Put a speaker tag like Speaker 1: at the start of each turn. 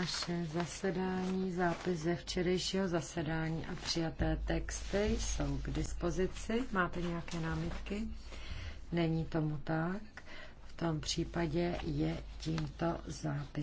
Speaker 1: naše zasedání, zápis ze včerejšího zasedání a přijaté texty jsou k dispozici. Máte nějaké námitky? Není tomu tak. V tom případě je tímto zápis.